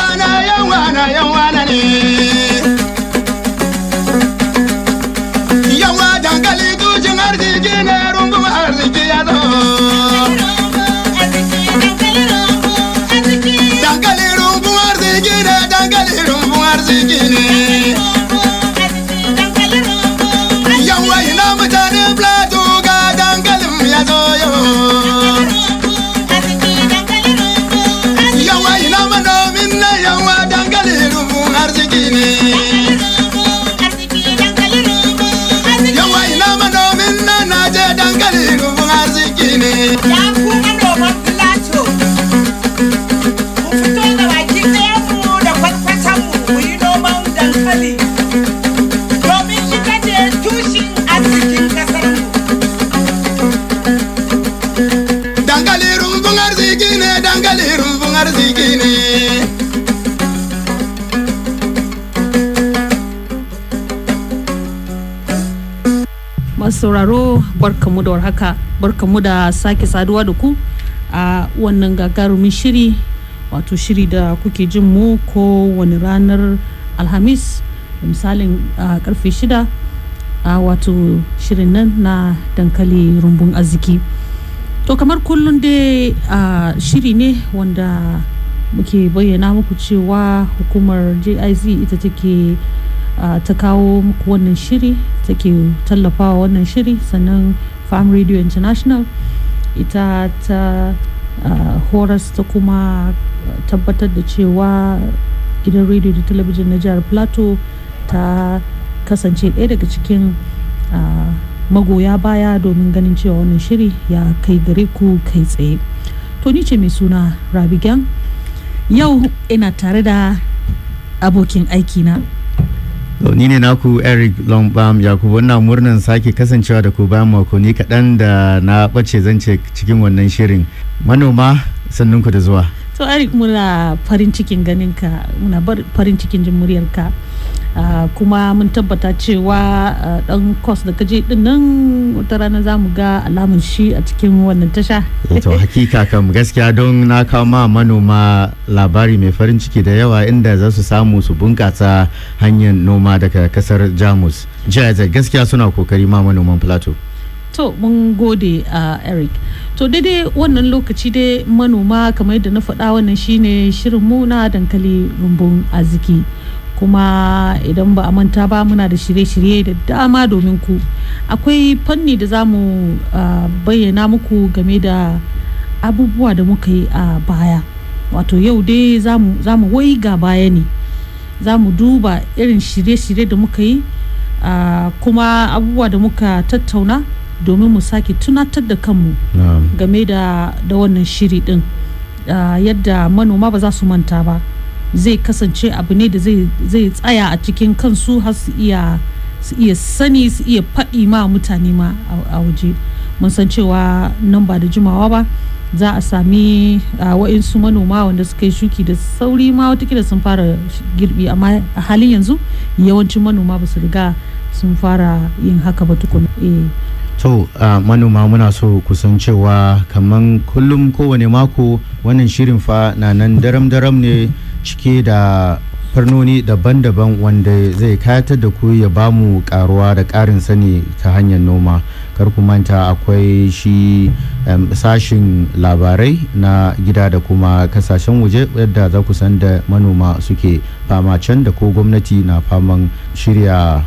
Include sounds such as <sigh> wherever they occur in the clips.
yan wana yan wana yan wana ne sauraro barkamu da warhaka barkamu da sake saduwa da ku a wannan gagarumin shiri wato shiri da kuke jin mu ko wani ranar alhamis da misalin karfe shida a wato shirin nan na dankali rumbun arziki to kamar kullum dai shiri ne wanda muke bayyana muku cewa hukumar jiz ita take ta kawo muku wannan shiri take tallafawa wannan shiri sannan farm radio international ita ta horas ta kuma tabbatar da cewa gidan radio da talabijin na jihar plateau ta kasance ɗaya daga cikin magoya baya domin ganin cewa wannan shiri ya kai gare ku kai tsaye to ni ce mai suna rabigan yau ina tare da abokin aikina ni ne naku eric lombam yakubu wannan murnan sake kasancewa da ku bayan ni kaɗan da na ɓace zance cikin wannan shirin manoma sannunku da zuwa to eric muna farin cikin ganin ka muna farin cikin jin ka ah, kuma mun tabbata cewa dan ah, kos da kaje din nan wata rana za mu ga alamun shi a cikin wannan tasha eh, to hakika kam gaskiya don na kawo ma manoma labari mai farin ciki da yawa inda za su samu su bunkasa hanyar noma daga kasar jamus jaya gaskiya suna kokari ma manoman plateau to mun gode a uh, eric to daidai wannan lokaci dai manoma kamar yadda na faɗa wannan shine shirin mu na dankali rumbun arziki kuma idan ba a manta ba muna da shirye-shirye da dama domin ku akwai fanni da za mu uh, bayyana muku game da abubuwa da muka yi a baya wato yau dai za mu wai ga baya ne za mu duba irin shirye-shirye da muka yi uh, kuma abubuwa da muka tattauna domin mu sake tunatar da kanmu game da wannan shiri din ah, yadda manoma ba za su manta ba zai kasance abu ne da zai tsaya a cikin kansu har su iya su iya sani su iya faɗi ma mutane ma a waje mun san cewa nan ba da jimawa ba za a sami wa'insu manoma wanda suka yi shuki da sauri ma wata watakila sun fara girbi amma a halin yanzu yawancin manoma ba su riga sun fara yin haka ba tukun eh. to manoma muna so kusan cewa kamar kullum kowane mako wannan shirin fa na nan daram-daram ne cike da farnoni daban-daban wanda zai kayatar da ku ya bamu mu karuwa da karin sani ta hanyar noma kar ku manta akwai shi sashin labarai na gida da kuma kasashen waje yadda za ku san da manoma suke fama can da ko gwamnati na faman shirya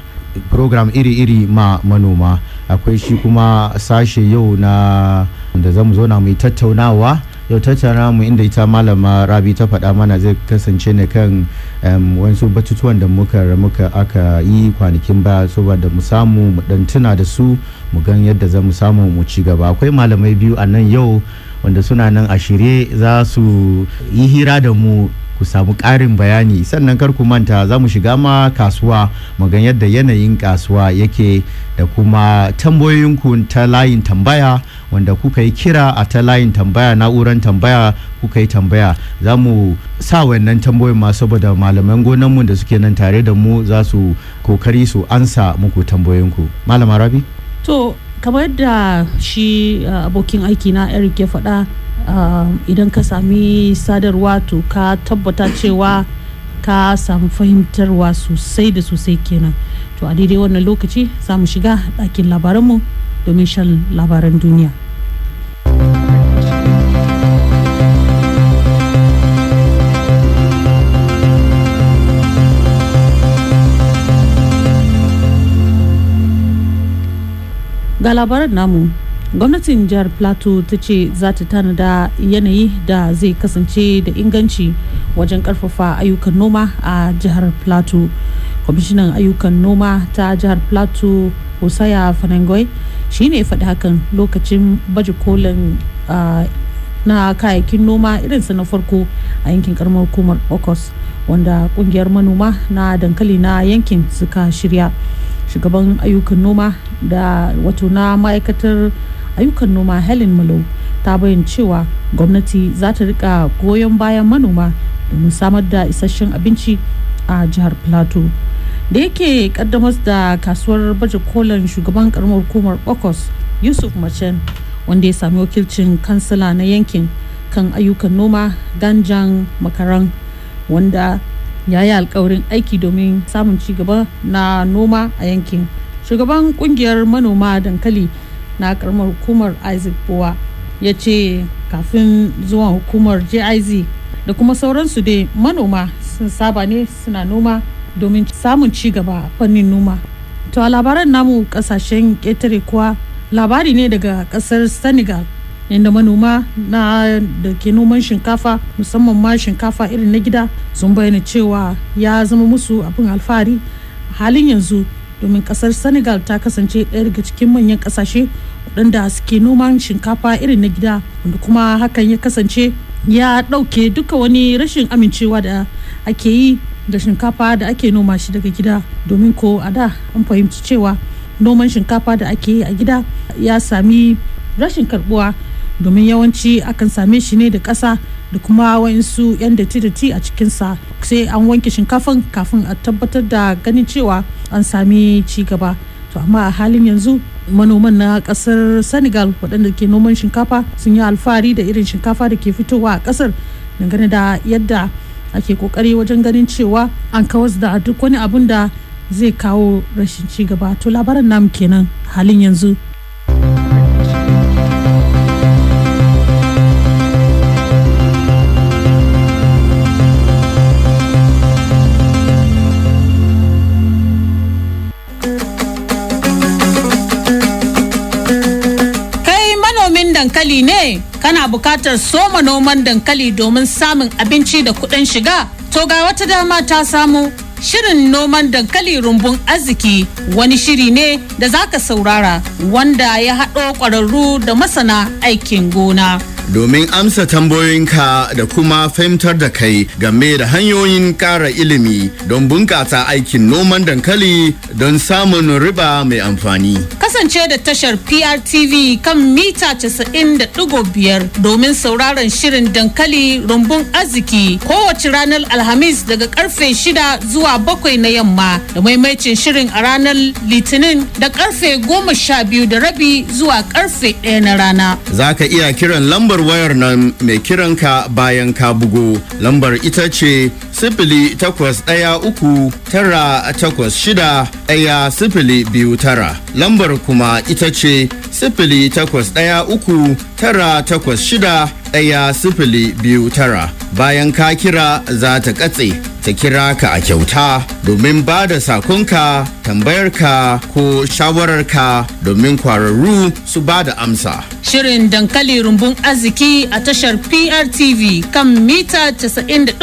program iri-iri ma manoma akwai shi kuma sashe yau na da zamu zo na mai tattaunawa to tattara mu inda ita malama rabi ta faɗa mana zai kasance ne kan wasu batutuwan da muka muka aka yi kwanakin ba saboda mu samu mu dan tuna da su mu gan yadda za mu samu mu ci gaba akwai malamai biyu a nan yau wanda suna nan a shirye za su yi hira da mu ku samu ƙarin bayani sannan kar ku manta za mu shiga ma kasuwa magan yadda yanayin kasuwa yake da kuma tambayoyinku ta layin tambaya wanda kuka yi kira a ta layin tambaya na'uran tambaya kuka yi tambaya za mu sa wannan tambayoyin ma saboda malaman gonanmu da suke nan tare da mu za su kokari su ansa muku tambayoyinku malama rabi to kamar da shi uh, abokin aiki na eric ya faɗa um, idan ka sami sadarwa to ka tabbata cewa ka samu fahimtarwa sosai da sosai kenan to a daidai wannan lokaci za mu shiga ɗakin labaranmu domin shan labaran duniya. ga labaran namu gwamnatin jihar plateau ta ce za ta tanada yanayi da zai kasance da inganci wajen karfafa ayyukan noma a jihar plateau kwamishinan ayyukan noma ta jihar plateau hosaya fanangoi shine faɗi hakan lokacin baje kolin na kayayyakin noma irinsa na farko a yankin karamar hukumar okos wanda kungiyar manoma na dankali na yankin suka shirya shugaban ayyukan noma da wato na ma'aikatar ayyukan noma helen malo ta bayyana cewa gwamnati za ta rika goyon bayan manoma domin samar da isasshen abinci a jihar plateau da yake kaddamar da kasuwar baje kolin shugaban karamar hukumar bokos yusuf machen wanda ya sami wakilcin kansila na yankin kan ayyukan noma ganjan makaran wanda ya yi alkawarin aiki domin samun cigaba na noma a yankin shugaban kungiyar manoma dankali na karamar hukumar isaac bowa ya ce kafin zuwan hukumar jiz da kuma sauransu dai manoma sun saba ne suna noma domin samun ci gaba fannin noma to a labaran namu kasashen ƙetare kuwa labari ne daga ƙasar senegal inda manoma na da ke noman shinkafa musamman ma shinkafa irin na gida sun bayyana cewa ya zama musu abin alfahari halin yanzu domin kasar senegal ta kasance ɗaya daga cikin manyan ƙasashe waɗanda suke noman shinkafa irin na gida wanda kuma hakan ya kasance ya ɗauke duka wani rashin amincewa da ake yi da shinkafa da ake noma shi daga gida domin ko a da an fahimci cewa noman shinkafa da ake yi a gida ya sami rashin karbuwa domin yawanci akan same shi ne da ƙasa da kuma waɗansu 'yan datti-datti a cikinsa sai an wanke shinkafan kafin a tabbatar da ganin cewa an sami ci gaba to amma a halin yanzu manoman na ƙasar senegal waɗanda ke noman shinkafa sun yi alfahari da irin shinkafa da ke fitowa a ƙasar dangane da yadda ake kokari wajen ganin cewa an kawas da duk wani abun da zai kawo rashin ci gaba to labaran namu kenan halin yanzu dankali ne kana bukatar soma noman dankali domin samun abinci da kuɗin shiga to ga wata dama ta samu Shirin noman dankali rumbun arziki wani shiri ne da zaka saurara wanda ya haɗo ƙwararru da masana aikin gona. domin amsa tambayoyinka da kuma fahimtar da kai game da hanyoyin ƙara ilimi don bunƙasa aikin noman dankali don samun riba mai amfani. Kasance da tashar PRTV kan mita casa'in da biyar domin sauraron shirin dankali rumbun arziki kowace ranar Alhamis daga karfe shida zuwa bakwai na yamma da maimacin shirin a ranar Litinin da karfe goma sha biyu da rabi zuwa karfe 1 na rana. Za ka iya kiran lambar lambar wayar nan mai kiran ka bayan ka bugo lambar ita ce sifili takwas ɗaya uku tara takwas shida ɗaya sifili biyu tara lambar kuma ita ce sifili takwas ɗaya uku tara takwas shida ɗaya sifili biyu tara bayan ka kira za ta katse ta kira ka a kyauta domin ba da sakonka tambayarka ko shawararka domin kwararru su ba da amsa. Shirin dankali rumbun arziki a tashar PRTV kan mita 90.5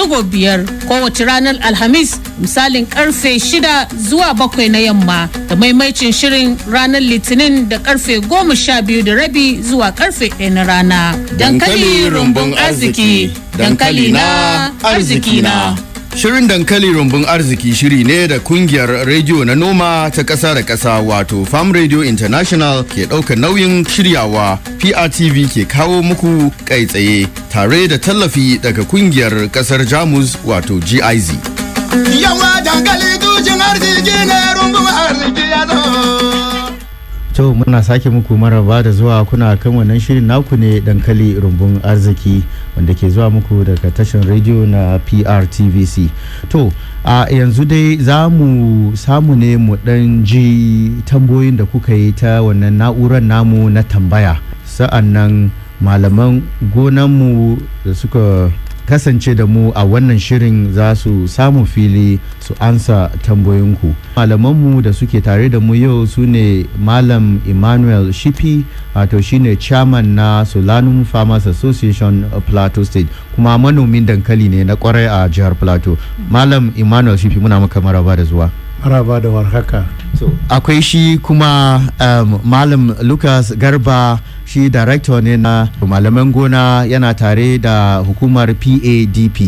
kowace ranar Alhamis misalin karfe 6 zuwa 7 na yamma da maimacin shirin ranar Litinin da karfe 12 da rabi zuwa karfe 1 na rana. Dankali rumbun arziki. dankali na arziki na Shirin dankali rumbun arziki shiri ne da kungiyar rediyo na noma ta ƙasa da ƙasa wato Farm Radio International ke ɗaukar nauyin shiryawa PRTV ke kawo muku kai tsaye tare da tallafi daga kungiyar ƙasar Jamus wato GIZ. Yawa dankali dujin arziki ne rumbun arziki ya To muna sake muku maraba da zuwa kuna kan wannan shirin naku ne dankali rumbun arziki wanda ke zuwa muku daga tashin rediyo na PRTVC. To a yanzu dai za mu samu ne mu dan ji tamboyin da kuka yi ta wannan na'urar namu na tambaya. Sa'an nan malaman gonanmu da suka kasance da mu a wannan shirin za su samu fili su ansa tambayoyinku malamanmu da suke tare da mu yau su ne malam emmanuel shipi wato shine chairman na solanum farmers association of plateau state kuma manomin dankali ne na kwarai a jihar plateau malam emmanuel shippi muna maka maraba da zuwa maraba da warhaka akwai shi kuma um, malam lucas garba shi director ne na malaman gona yana tare da hukumar padp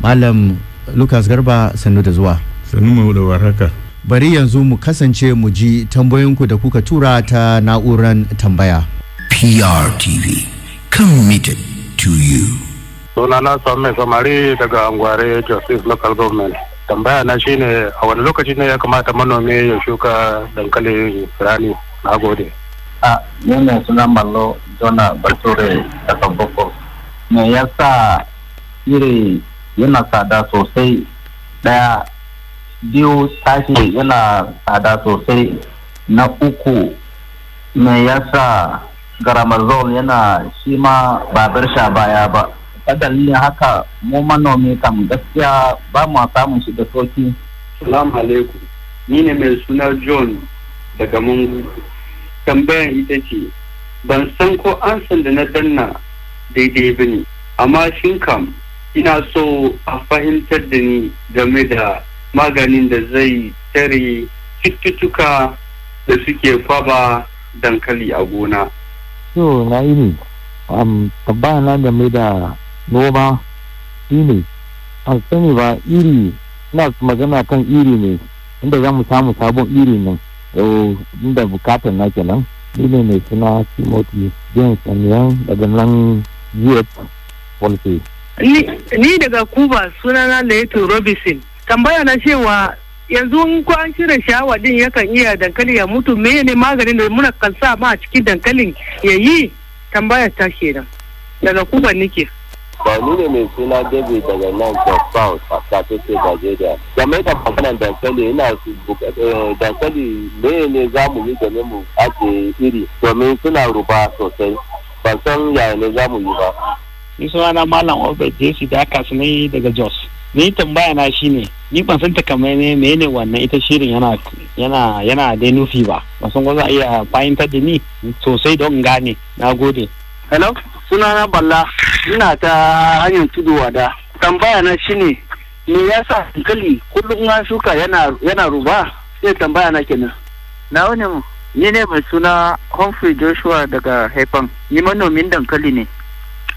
malam lucas garba sannu da zuwa sannu mu da haka bari yanzu mu kasance mu ji tambayoyinku da kuka tura ta na'urar tambaya prtv committed to you sunana samme samari daga angware justice local government tambaya na shine a wani lokaci ne ya kamata manomi ya shuka dankalin rani na gode a ne suna mallo jona bature daga boko me ya sa iri yana tsada sosai daya biyu tashi yana tsada sosai na uku me ya sa garamazol yana shi ma ba sha baya ba ta haka mu manomi kam gaskiya ba mu samun shi da soki. Salamu alaikum. Ni ne mai suna John daga Mungu. Tambayan ita ce, ban san ko an da na danna daidai ba ne, amma shin kam ina so a fahimtar da ni game da maganin da zai tare cututtuka da suke kwaba dankali a gona. So, na yi ne, um, game da noma shi ne an sani ba iri na magana kan iri ne inda za mu samu sabon iri nan eh, inda bukatar na kenan shi ne mai suna timothy james aniyan daga nan us policy ni daga cuba sunana laito robinson tambaya na cewa yanzu in ko an shirin shawa din yakan iya dankali ya mutu me ne maganin da muna kan sa ma a cikin dankalin ya yi tambaya ta kenan daga cuba nike ba ni ne mai suna david daga nan jos south a state nigeria game da maganar dankali ina su eh, dankali ne ne za mu yi game mu ajiye iri domin suna ruba sosai ban san yaya ne za mu yi ba ni suna na malam obed jesi da aka ne daga jos ni tambaya na shine ni ban san takamaimai menene wannan ita shirin yana yana yana da nufi ba ban san ko za a iya fahimtar da ni sosai don gane na gode hello sunana balla ina ta hanyar tudu wada tambaya na shine me yasa dankali kullum na shuka yana ruba sai tambaya na kenan na wani mu ni ne mai suna Humphrey Joshua daga Haifan ni manomin dankali ne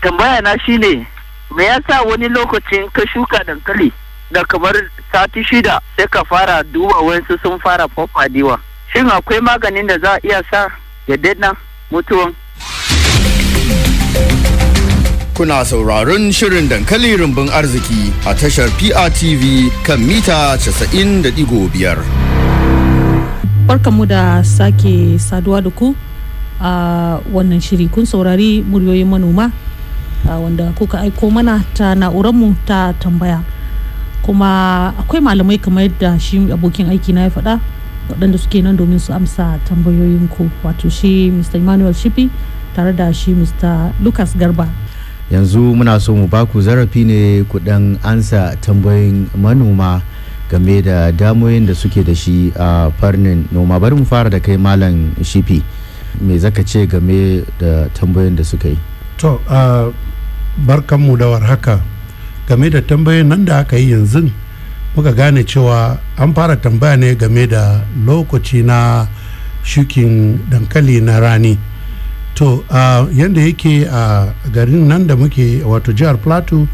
tambaya na shine me yasa wani lokacin ka shuka dankali da kamar sati shida sai ka fara duba wasu sun fara fafadewa shin akwai maganin da za a iya sa ya daina mutuwan kuna sauraron shirin dankali rumbun arziki a tashar PRTV kan mita 90.5. Barkanmu da sake saduwa da ku a wannan shiri kun saurari muryoyin manoma wanda kuka aiko mana ta na'uranmu ta tambaya. Kuma akwai malamai kamar yadda shi abokin aiki na ya faɗa waɗanda suke nan domin su amsa tambayoyinku wato shi Mr. Emmanuel Shifi tare da shi Mr. Lucas Garba yanzu muna so mu baku zarafi ne kudin ansa tambayin manoma game da damoyin da suke da shi a farnin noma bari mu fara da kai malam shifi me zaka ce game da tambayin da suka yi to uh, barkanmu da warhaka game da tambayoyin nan da aka yi yanzu muka gane cewa an fara tambaya ne game da lokaci na shukin dankali na rani to uh, yadda yake a uh, garin nan da muke wato jihar plateau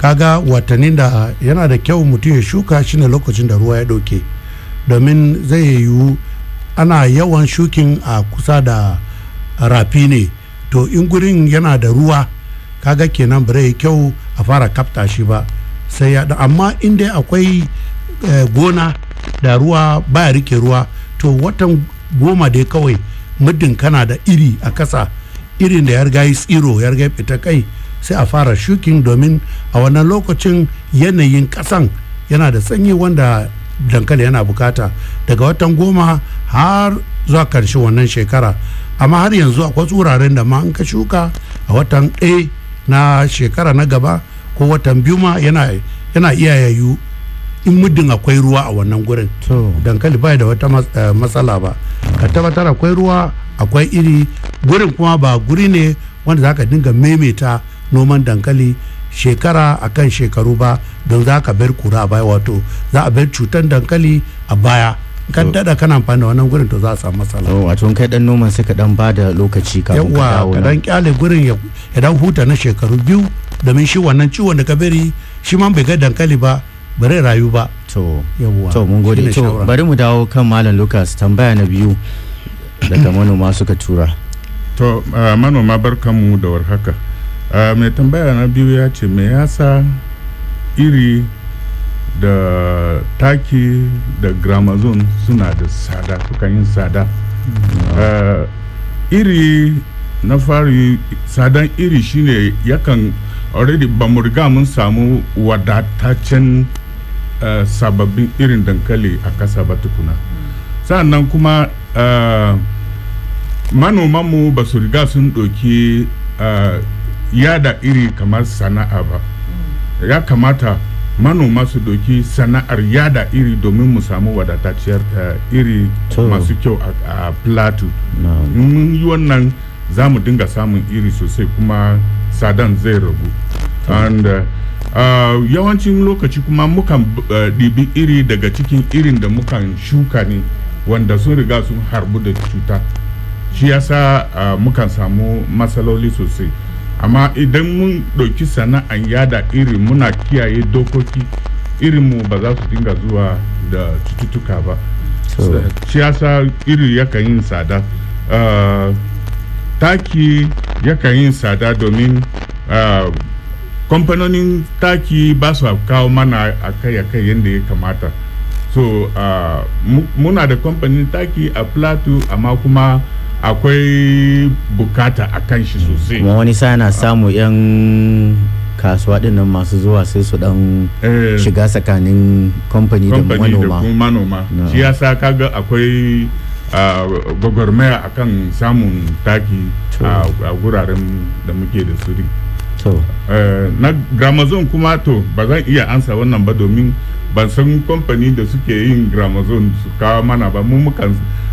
kaga watannin da yana da kyau mutum ya shuka shi ne lokacin da ruwa ya ɗauke domin zai yiwu ana yawan shukin a kusa da rafi ne to in gurin yana da ruwa kaga kenan bare ya kyau a fara kafta shi ba sai ya amma in dai akwai eh, gona da ruwa baya rike ruwa to watan goma dai kawai muddin kana da iri a kasa irin da ya riga yi tsiro ya riga fita kai sai a fara shukin domin a wannan lokacin yanayin kasan yana da sanyi wanda dankali yana bukata daga watan goma har zuwa karshe wannan shekara amma har yanzu akwai tsuraren da ma in ka shuka a watan ɗaya na shekara na gaba ko watan biyu ma yana iya yayu in muddin akwai ruwa a wannan gurin dankali bai da wata eh, matsala ba ka tabbatar akwai ruwa akwai iri gurin kuma ba guri ne wanda za ka dinga maimaita noman dankali shekara akan shekaru ba don za ka bar kura a baya wato za a bar cutar dankali a baya kan dada kana amfani da wannan gurin to za a samu matsala wato kai dan noman sai ka dan ba da lokaci kafin ka dawo yawa ka dan kyale gurin ya dan huta na shekaru biyu domin shi wannan ciwon da ka bari shi man bai ga dankali ba bare rayu ba to to mun gode to bari mu dawo kan malam Lucas tambaya na biyu daga manoma suka tura to manoma mu da warhaka mai tambaya na biyu ya ce me yasa iri da taki da gramazon suna da tsada suka yin tsada iri na fari tsadan iri shine yakan already ba mu riga mun samu wadataccen uh, eh, sababbin irin dankali a kasa ba tukuna sannan kuma uh, eh, manomanmu ba su riga sun ɗoki eh, yada iri kamar sana'a ba ya kamata manoma su doki sana'ar yada iri domin mu samu wadatacciyar iri masu kyau a plateau mun yi wannan za mu dinga samun iri sosai kuma sadan zai ragu and Uh, yawancin lokaci kuma mukan uh, ɗibi iri daga cikin irin da mukan shuka ne wanda sun riga sun harbu da cuta shi yasa uh, mukan samu matsaloli sosai amma idan mun ɗauki sana'an yada iri muna kiyaye dokoki irinmu ba za su dinga zuwa da cututtuka ba shi yasa iri yakan yin tsada taki yakan yin tsada domin kamfanonin taki ba su kawo mana akai-akai yadda ya kamata so uh, muna da kamfanin taki a plateau amma kuma akwai bukata a kan shi sosai kuma wani sa na samu yan kasuwa dinnan masu zuwa sai su dan eh. shiga tsakanin kamfani da manoma da manoma shi sa kaga akwai gwagwarmaya akan samun taki a guraren da muke da suri Eh, na gramazon kuma to ba zan iya ansa wannan ba domin ban san kamfani da suke yin gramazon su kawo mana ba mu mukan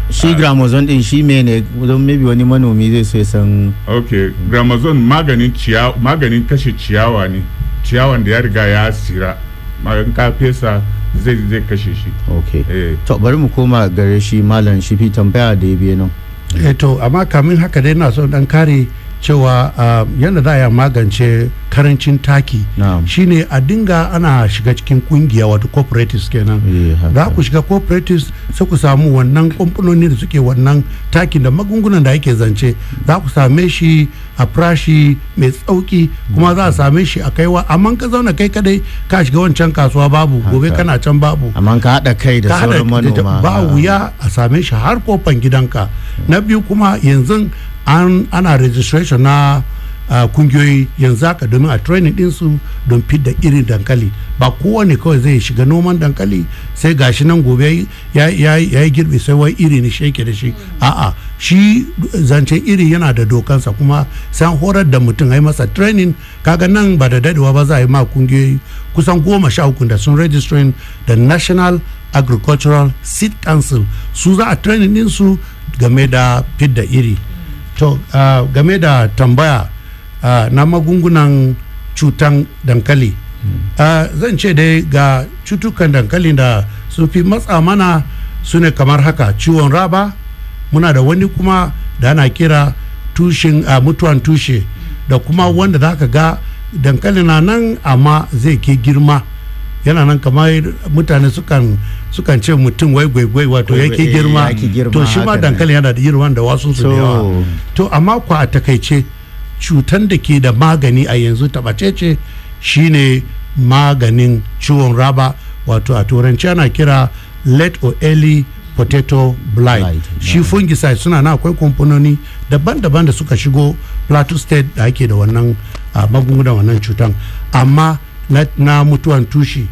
shi ah. gramazon din shi mene don maybe wani manomi zai so san ok gramazon maganin ciyawa maganin kashe ciyawa ne ciyawan da ya riga ya sira magan ka fesa zai zai kashe shi ok eh. to bari mu koma gare shi malam shi fi tambaya da ya biye nan eh to amma kamin haka dai na so dan kare cewa ah, yadda za a magance karancin taki shine a dinga ana shiga cikin kungiya wato cooperatives kenan eh, za ku shiga cooperatives sai ku samu wannan kumfunoni da suke wannan takin da magungunan da yake zance za ku same shi a farashi mai tsauki kuma za a same shi a kaiwa amma ka zauna kai kadai ka shiga wancan kasuwa babu gobe kana can babu amma ka haɗa kai da sauran manoma ba wuya a same shi har kofan gidanka na biyu kuma yanzu an ana registration na uh, kungiyoyi yanzu haka domin a training su don fidda irin dankali ba kowane kawai zai shiga noman dankali sai gashi nan gobe ya yi girbi sai wai iri ne sheke da shi a'a shi zancen iri yana da dokansa kuma san horar da mutum ai masa training kaga nan ba da dadewa ba za a yi ma kungiyoyi kusan goma sha uku da sun registering da national agricultural seed council su za a training din su game da fidda iri to uh, game da tambaya uh, na magungunan cutan dankali uh, zan ce dai ga cutukan dankali da sun fi matsa mana su ne kamar haka ciwon raba muna da wani kuma da ana kira tushen uh, mutuwan tushe da kuma wanda za ka ga dankali na nan amma zai ke girma yana nan kamar mutane sukan sukan ce mutum wai gwaigwai wato eh, yake girma to shi ma dankali yana da irin da wasu su yawa to amma kwa a takaice cutan da ke da magani a yanzu tabacece shine maganin ciwon raba wato a turanci ana kira late or early potato blight, shi fungicide suna na akwai kumfunoni daban-daban da suka shigo plateau state da ake da wannan magungunan wannan cutan amma na, mutuwan tushi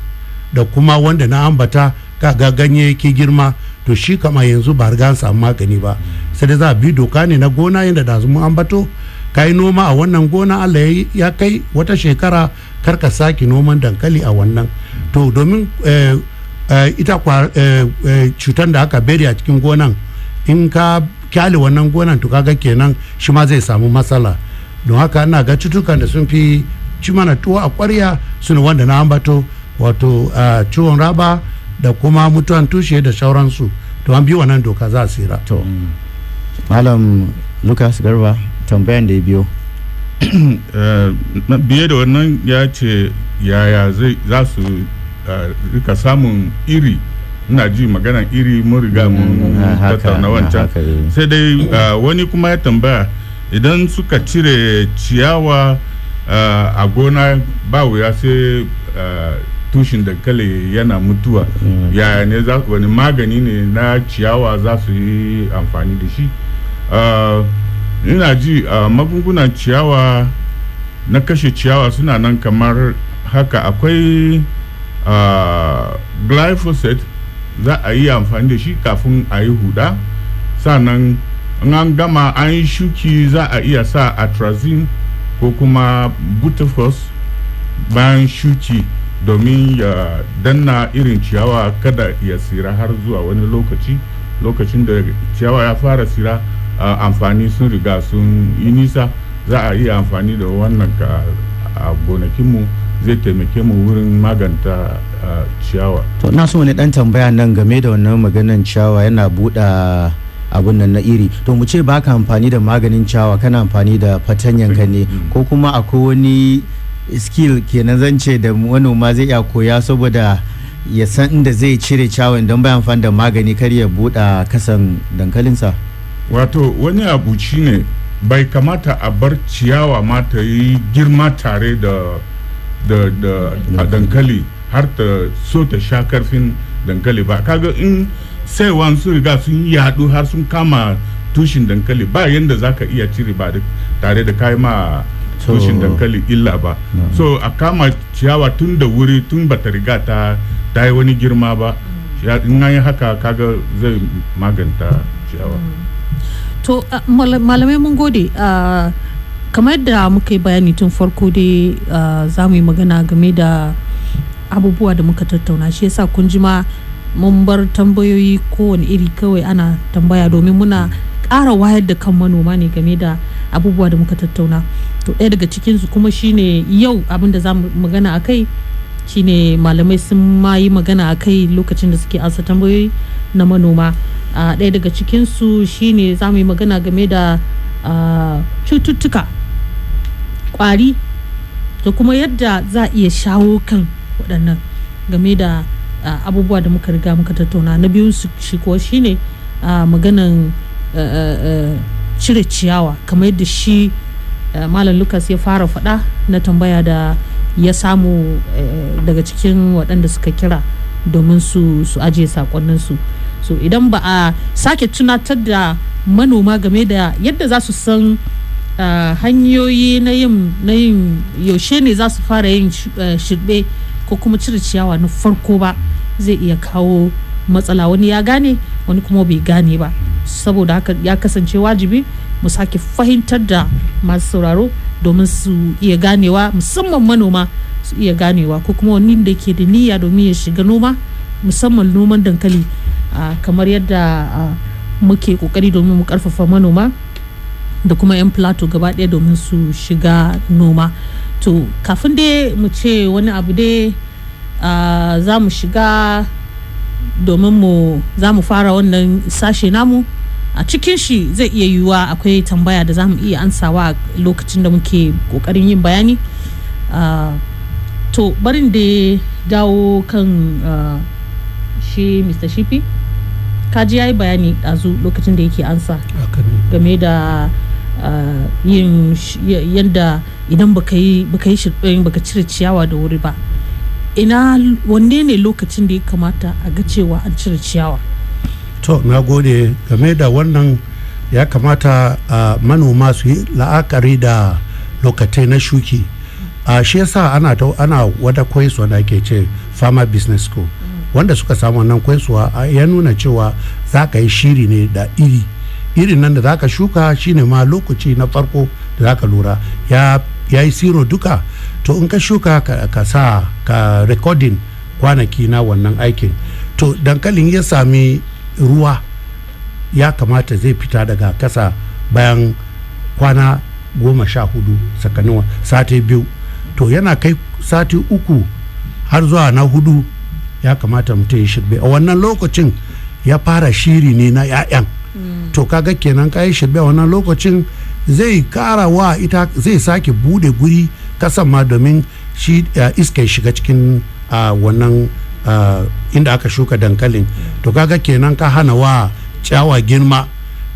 da kuma wanda na ambata ga ganye ki girma to shi kama yanzu ba riga an samu magani ba sai dai za a bi doka ne na gona yadda da mun ambato ka yi noma a wannan gona allah ya kai wata shekara kar ka sake noman dankali a wannan to domin eh, eh, ita eh, cutar da aka beri a cikin gonan in ka kyale wannan gonan to kaga kenan shi ma zai samu matsala don haka ana ga cutukan da sun fi ci mana tuwo a kwarya suna wanda na ambato wato ah, ciwon raba da kuma mutuwan tushe da sauransu to an bi wannan doka za a tsira to malam lucas garba tambayan da ya biyo <clears throat> eh, biye da wannan ya ce yaya za su eh, rika samun iri ina ji maganan iri mun riga mun mm, tattauna wancan eh. sai dai wani kuma ya tambaya idan suka cire ciyawa a gona ba wuya sai tushin dankali yana mutuwa mm. yaya ne za wani magani ne na ciyawa za su yi amfani da shi ah, ina ji ah, magungunan ciyawa na kashe ciyawa suna nan kamar haka akwai ah, glyphosate za a yi amfani da shi kafin a yi huda sannan an gama an yi shuki za a iya sa atrazine ko kuma butifos bayan shuki domin ya danna irin ciyawa kada ya tsira har zuwa wani lokaci lokacin da ciyawa ya fara tsira amfani sun riga sun yi nisa za a iya amfani da wannan ka a gonakinmu zai taimake mu wurin maganta ciyawa to na so ne dan tambaya nan game da wannan maganan ciyawa yana buɗa abun nan na iri to mu ce baka amfani da maganin ciyawa kana amfani da fatanyanka ne mm. ko kuma akwai wani skill kenan zan ce da manoma zai iya koya saboda ya san inda zai cire cawon don bayan amfani da magani kar ya buɗa kasan dankalinsa wato wani abu ne bai kamata a bar ciyawa ma ta yi girma tare da da da dankali har ta so ta sha karfin dankali ba kaga in sai sun riga sun yadu har sun kama tushin dankali ba yadda za ka iya cire ba tare da kai ma tushin dankali illa ba so a kama ciyawa tun da wuri tun ba ta riga ta ta yi wani girma ba in an yi haka kaga zai maganta ciyawa to malamai mun gode kamar da muka yi bayani tun farko dai za mu yi magana game da abubuwa da muka tattauna shi yasa kun ma mun bar tambayoyi kowane iri kawai ana tambaya domin muna ƙara wayar da kan manoma ne game da abubuwa da muka tattauna to ɗaya daga cikinsu kuma shine yau abin da za mu magana a kai shine malamai sun ma yi magana a kai lokacin da suke ansa tambayoyi na manoma ɗaya daga cikinsu shine za mu yi magana game da cututtuka kwari da kuma yadda za a iya shawo kan waɗannan game da abubuwa da muka riga muka tattauna na biyun shi kuwa shine maganan cire ciyawa kamar yadda shi eh, malam lucas ya fara faɗa na tambaya da ya samu eh, daga cikin waɗanda suka kira domin su su ajiye sakonninsu so idan ba a sake tunatar da manoma game da yadda za su san eh, hanyoyi na yin yaushe ne za su fara yin shirbe ko kuma cire ciyawa na farko ba zai iya kawo matsala wani ya gane wani kuma bai gane ba saboda haka ya kasance wajibi mu sake fahimtar da masu sauraro domin su iya ganewa musamman manoma su iya ganewa ko kuma wani da ke da niyya domin ya shiga noma musamman noman dankali kamar yadda muke kokari domin mu karfafa manoma da kuma 'yan plato gaba ɗaya domin su shiga noma to kafin dai mu ce wani abu dai za mu shiga domin mu za mu fara wannan sashe namu a cikin shi zai iya yiwuwa akwai tambaya da za mu iya ansawa lokacin da muke kokarin yin bayani to barin da dawo kan shi mr shifi kaji ya yi bayani ɗazu lokacin da yake ansa game da yin yadda idan baka yi baka cire ciyawa da wuri ba ina wanne ne lokacin da ya kamata a ga cewa an cire ciyawa to na gode game da wannan ya kamata uh, manoma su yi la'akari da lokacin na shuki a uh, shi yasa ana ta ana wata kwaiso da ke ce farmer business school mm. wanda suka samu wannan kwaisuwa uh, ya nuna cewa za ka yi shiri ne da iri irin nan da za ka shuka shine ma lokaci na farko da za ka lura ya ya yi siro duka to in ka shuka ka, ka sa ka recording kwanaki na wannan aikin to dankalin ya sami ruwa ya kamata zai fita daga kasa bayan kwana goma sha hudu tsakanin sati biyu to yana kai sati uku har zuwa na hudu ya kamata mutum ya shirbe a wannan lokacin ya fara shiri ne na 'ya'yan mm. to kaga kenan ka yi shirbe a wannan lokacin zai kara wa ita zai sake bude guri kasan ma domin shi eh, iska shiga cikin ah, wannan ah, inda aka shuka dankalin to kaga kenan ka hana wa ciyawa girma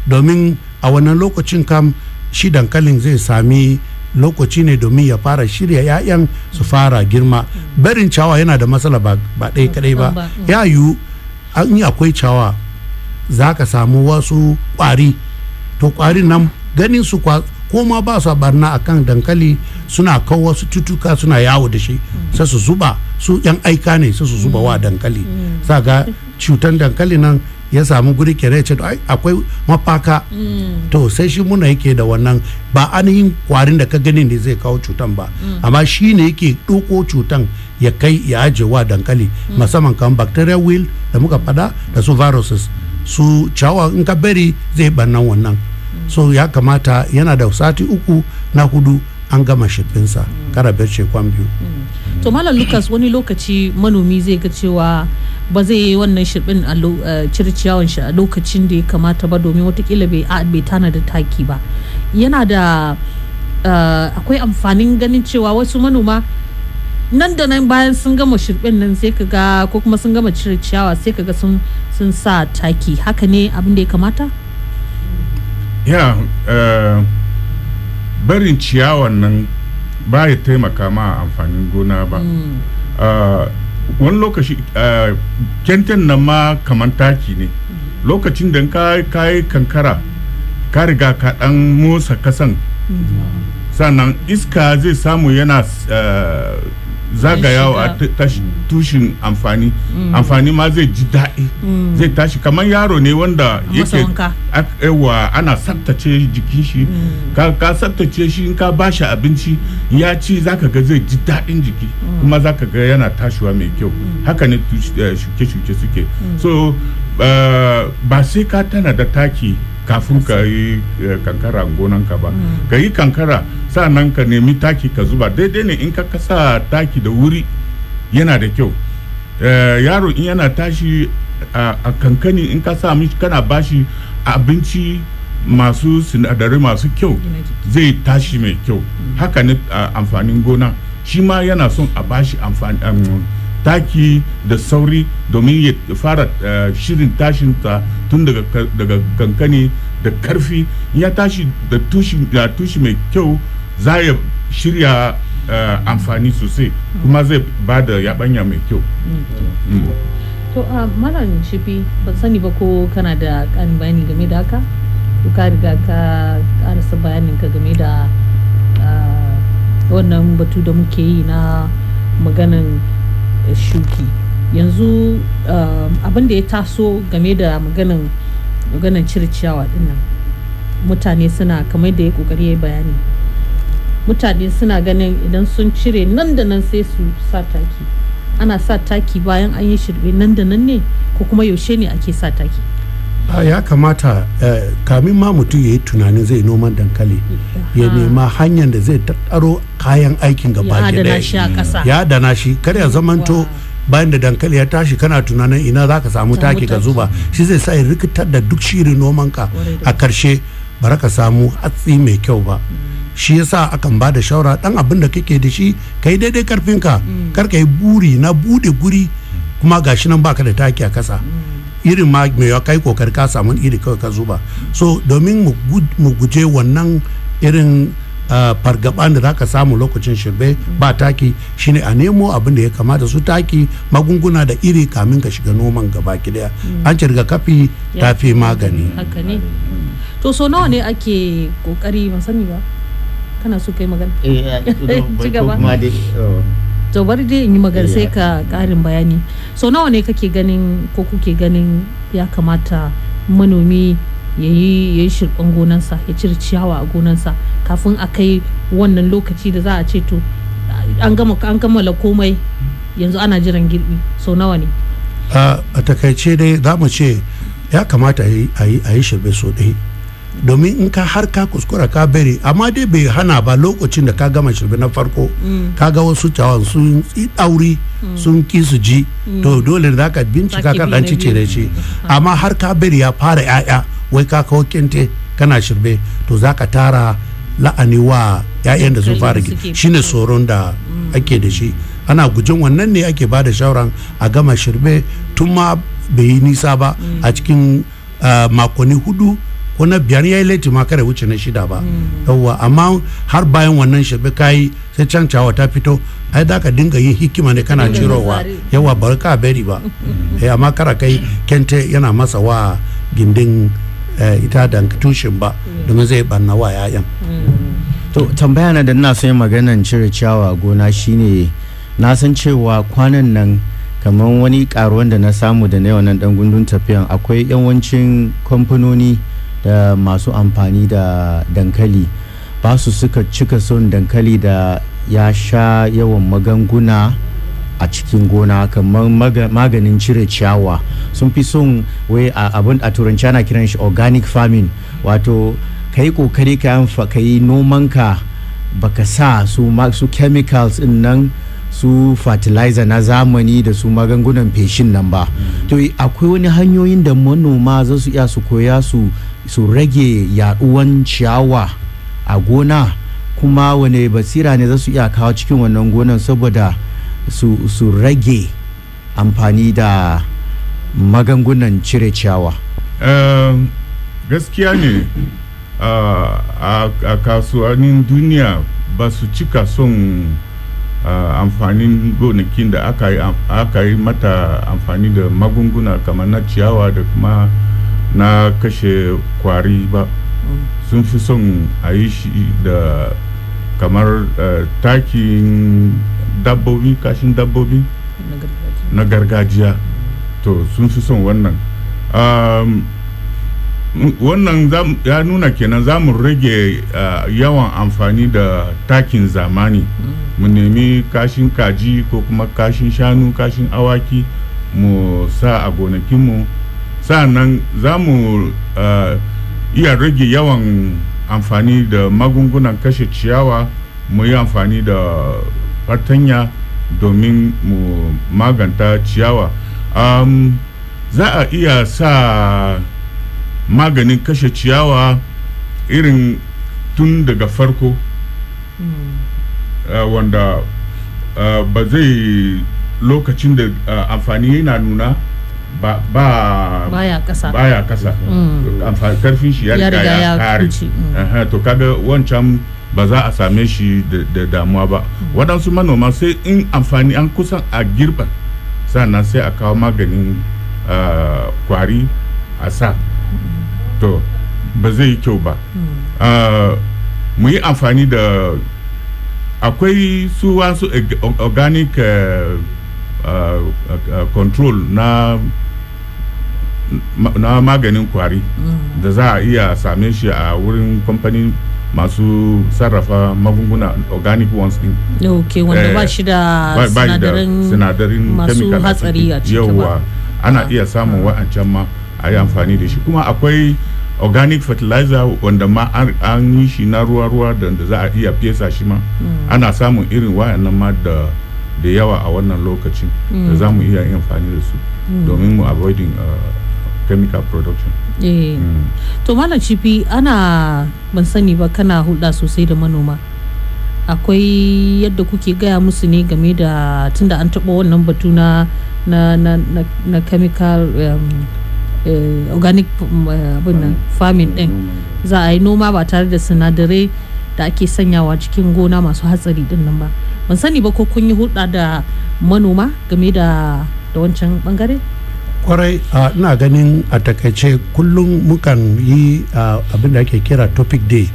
domin a wannan lokacin kam shi dankalin zai sami lokaci ne domin ya fara shirya 'ya'yan su fara girma barin ciyawa yana da matsala ba ɗaya kadai ba mm. ya yiwu an yi akwai ciyawa za ka samu wasu ƙwari to ƙwarin nan ganin su ko ma ba su barna akan dankali suna kawo wasu tutuka suna yawo da shi sai su zuba su yan aika ne sai su zuba wa dankali sa ga cutan dankali nan ya samu guri kere ce akwai mafaka mm. to sai shi muna yake da wannan ba ainihin kwarin da ka gani ne zai kawo cutan ba mm. amma shi ne yake doko cutan ya kai ya ajiye wa dankali mm. musamman kan bacterial wheel da muka fada da su viruses su ciyawa in ka bari zai bannan wannan so ya kamata yana da sati uku na hudu an gama shifinsa bai ce kwan biyu to malam lucas wani lokaci manomi zai ga cewa ba zai yi wannan shirbin a eh, cire ciyawan shi a lokacin da ya kamata ba domin watakila bai tana da taki ba yana da eh, akwai amfanin ganin cewa wasu manoma nan da nan bayan sun gama shirbin nan sai ka ga ko kuma sun gama cire ciyawa sai ka ga sun sa taki haka ne abin da ya kamata ya eh, barin ciyawan nan ba ya taimaka ma amfanin gona ba hmm. eh, wani lokaci eh, kyantin nan ma kamar taki ne hmm. lokacin da ka yi kankara ka riga ka dan motsa kasan hmm. sannan iska zai samu yana zagayawa a tushen amfani mm. amfani ma zai ji daɗi mm. zai tashi kamar yaro ne wanda yake yawa ana tsaftace jikin shi mm. ka tsaftace shi in ka ba shi abinci ya ci zaka ga zai ji daɗin jiki kuma zaka ga yana tashiwa mai kyau haka ne eh, shuke-shuke suke so ba sai ka tana da taki kafin ka yi eh, kankara gonan ka ba mm. ka yi kankara nan ka nemi taki ka zuba daidai ne in ka kasa taki da wuri yana da kyau eh, yaro in yana tashi a kankani in ka sa mishi kana bashi abinci masu sinadarai masu kyau zai tashi mai kyau mm. haka ne amfanin gona shi ma yana son a bashi amfani um, taki da sauri domin ya fara eh, shirin tashinta tun daga kankani da karfi ya tashi da tushi mai kyau za ya shirya eh, amfani sosai kuma zai ba da yabanya mai kyau mm. Mm. to a ah, shifi ba sani ba ko kana da kan bayani game da haka ko ka riga ka karasa bayanin ka game da ah, wannan batu da muke yi na maganin. shuki yanzu uh, abin da ya taso game da maganan cire ciyawa dinnan mutane suna kamar da ya kokari ya bayani mutane suna ganin idan sun cire nan da nan sai su sa taki ana sa taki bayan an yi shirbe nan da nan ne ko kuma yaushe ne ake sa taki Ah, ya kamata eh, kamin ma mutum ya yi tunanin zai noman dankali ya ah. nema hanyar da zai tattaro kayan aikin gaba ya adana shi kar ya zamanto bayan da dankali ya tashi kana tunanin ina za ka samu taki ka zuba shi zai sa ya rikitar da duk shirin noman ka a karshe bara ka samu hatsi mai kyau ba mm. shi yasa akan ba da shawara dan abin da kake da shi kai daidai karfinka mm. kar ka yi buri na bude guri mm. kuma gashi nan baka da taki a kasa irin ma mai ya kai kokari ka samu iri kawai ka zuba so domin mu guje wannan irin ah, fargaban da zaka samu lokacin shirbe ba taki shine a nemo abin da ya kamata su taki magunguna da iri kamin ka shiga noman gaba daya mm. an ci kafi ta fi magani to so nawa ne ake kokari ban sani ba kana so kai magana eh <laughs> ci to bari dai in yi magar sai ka karin bayani so nawa ne kake ganin ko kuke ganin ya kamata manomi ya yi shirɓan gonansa ya cire ciyawa a gonansa kafin a kai wannan lokaci da za a ce to an kammala komai yanzu ana jiran girbi so nawa ne a takaice dai za mu ce ya kamata a yi shirbe so ɗaya domin in ka har ka kuskura ka bari amma dai bai hana ba lokacin da ka gama shirbi na farko mm. ka ga wasu cawan sun dauri mm. sun ki su ji mm. to dole za ka bincika ka dan cice da shi amma har ka bari ya fara 'ya'ya wai ka kawo kente kana shirbe. to za ka tara la'ani wa 'ya'yan da sun fara shine tsoron da ake da shi ana gujin wannan ne ake bada shawaran a gama shirbe tun ma bai yi nisa ba a cikin ah, makonni hudu wannan biyar ya yi laiti ma kare wuce na shida ba yawwa amma har bayan wannan shabe kayi sai cancawa ta fito ai za ka dinga yin hikima ne kana cirowa yawa bari ka bari ba <laughs> eh, amma kara kai kente yana masa wa gindin eh, ita da tushen ba domin zai banna wa 'ya'yan mm. to tambaya na da na sai maganan cire ciyawa gona shine na san cewa kwanan nan kamar wani karuwan da na samu da na yawan dan gundun tafiyan akwai yawancin kamfanoni da masu amfani da dankali ba su suka cika son dankali da ya sha yawan maganguna a cikin gona kamar maganin cire ciyawa sun fi son wai abin a turanci ana kiran shi organic farming wato ka yi kokari ka yi nomanka baka sa su su chemicals in nan su fertilizer na zamani da su magangunan feshin nan ba mm. to akwai wani hanyoyin da manoma za su iya su koya su su rage yaduwan ciyawa a gona kuma wane basira ne za su iya kawo cikin wannan gonan saboda su rage amfani da magungunan cire ciyawa gaskiya ne a kasuwannin duniya ba su cika son amfanin gonakin da aka yi mata amfani da magunguna kamar na ciyawa da kuma na kashe kwari ba sun fi son a yi shi da kamar eh, takin dabbobi kashin dabbobi na gargajiya to sun fi son wannan wannan ya nuna kenan za mu rage eh, yawan amfani da takin zamani mm. mu nemi kashin kaji ko kuma kashin shanu kashin awaki mu sa a gonakinmu sa'annan za mu ah, iya rage yawan amfani da magungunan kashe ciyawa mu yi amfani da fartanya domin mu maganta ciyawa um, za a iya sa maganin kashe ciyawa irin tun daga farko mm. uh, wanda uh, ba zai lokacin da uh, amfani yana nuna ba baya kasa baya kasa mm. karfin shi ya riga ya kare mm. to kaga wancan ba za a same shi da damuwa ba mm. waɗansu manoma sai in amfani an kusan a girba sannan sai a kawo maganin ah, kwari a sa to ba zai yi kyau ba ah, mu yi amfani da akwai su wasu organic uh, Uh, uh, uh, control na na maganin kwari mm. da za a iya same shi a wurin kamfanin masu sarrafa magunguna organic ones din ok wanda ba eh, shi da sinadarin masu hatsari a ciki ba ana ah. iya samun wa'ancan ma a yi amfani da shi kuma akwai organic fertilizer wanda ma an yi shi na ruwa-ruwa da za a iya fesa shi ma mm. ana samun irin wa'annan ma da da yawa a wannan lokacin da za mu iya amfani da su mm. domin mu avoiding uh, chemical production eh. mm. to malam cipi ana ban sani ba kana hulɗa sosai da manoma akwai yadda kuke gaya musu ne game da tunda an taɓa wannan batu na na na chemical um, eh, organic um, farming din mm. za a yi noma ba tare da sinadarai da ake sanyawa cikin gona masu hatsari din nan ba ban sani ba ko kun yi hulɗa da manoma game da da wancan bangare kwarai ina ganin a takaice kullum mukan yi abin da ake kira topic day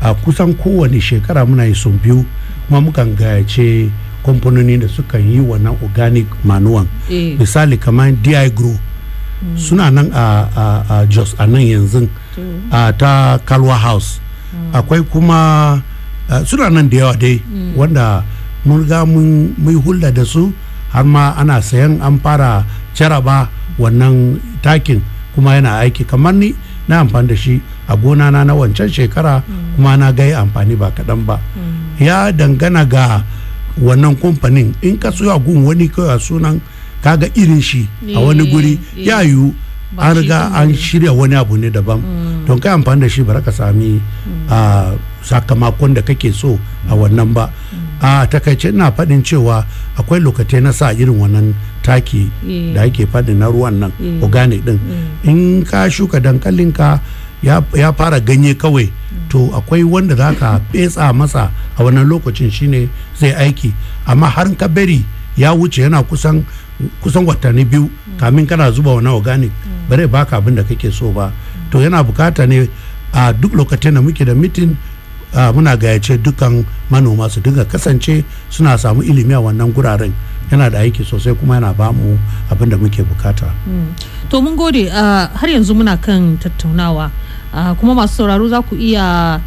a kusan kowane shekara muna yi sun biyu kuma mukan gayace kamfanoni da suka yi wannan organic manuwan eh. misali kamar di grow mm. suna nan a jos a nan yanzu ta kalwa house akwai kuma eh, suna nan da yawa dai mm. wanda mun ga mun hulɗa da su har ma ana sayan an fara jaraba wannan takin kuma yana aiki kamar ni na amfani da shi a gona na wancan shekara mm. kuma na ga amfani ba kaɗan ba mm. ya dangana ga wannan kamfanin in ka a gun wani kawai sunan kaga irin shi a wani eh, guri ya eh. yiwu an riga an shirya wani abu ne daban mm. don kai amfani da shi ba ka sami mm. ah, sakamakon da kake so a wannan ba mm. a takaice ina faɗin cewa akwai lokacin na sa irin wannan taki eh. da ake faɗi na ruwan nan eh. organic din in ka shuka dankalin ka ya fara ganye kawai to akwai wanda za ka <laughs> fesa masa a wannan lokacin shine zai aiki amma har ka bari ya wuce yana kusan kusan watanni biyu kamin kana zuba wani organic ba zai baka abin da kake so ba to yana bukata ne a duk lokacin da muke da mitin muna gayyace dukkan manoma su dinga kasance suna samu ilimi a wannan guraren yana da aiki sosai kuma yana ba mu abin da muke bukata hmm. to mun gode har yanzu muna kan tattaunawa kuma masu sauraro za ku iya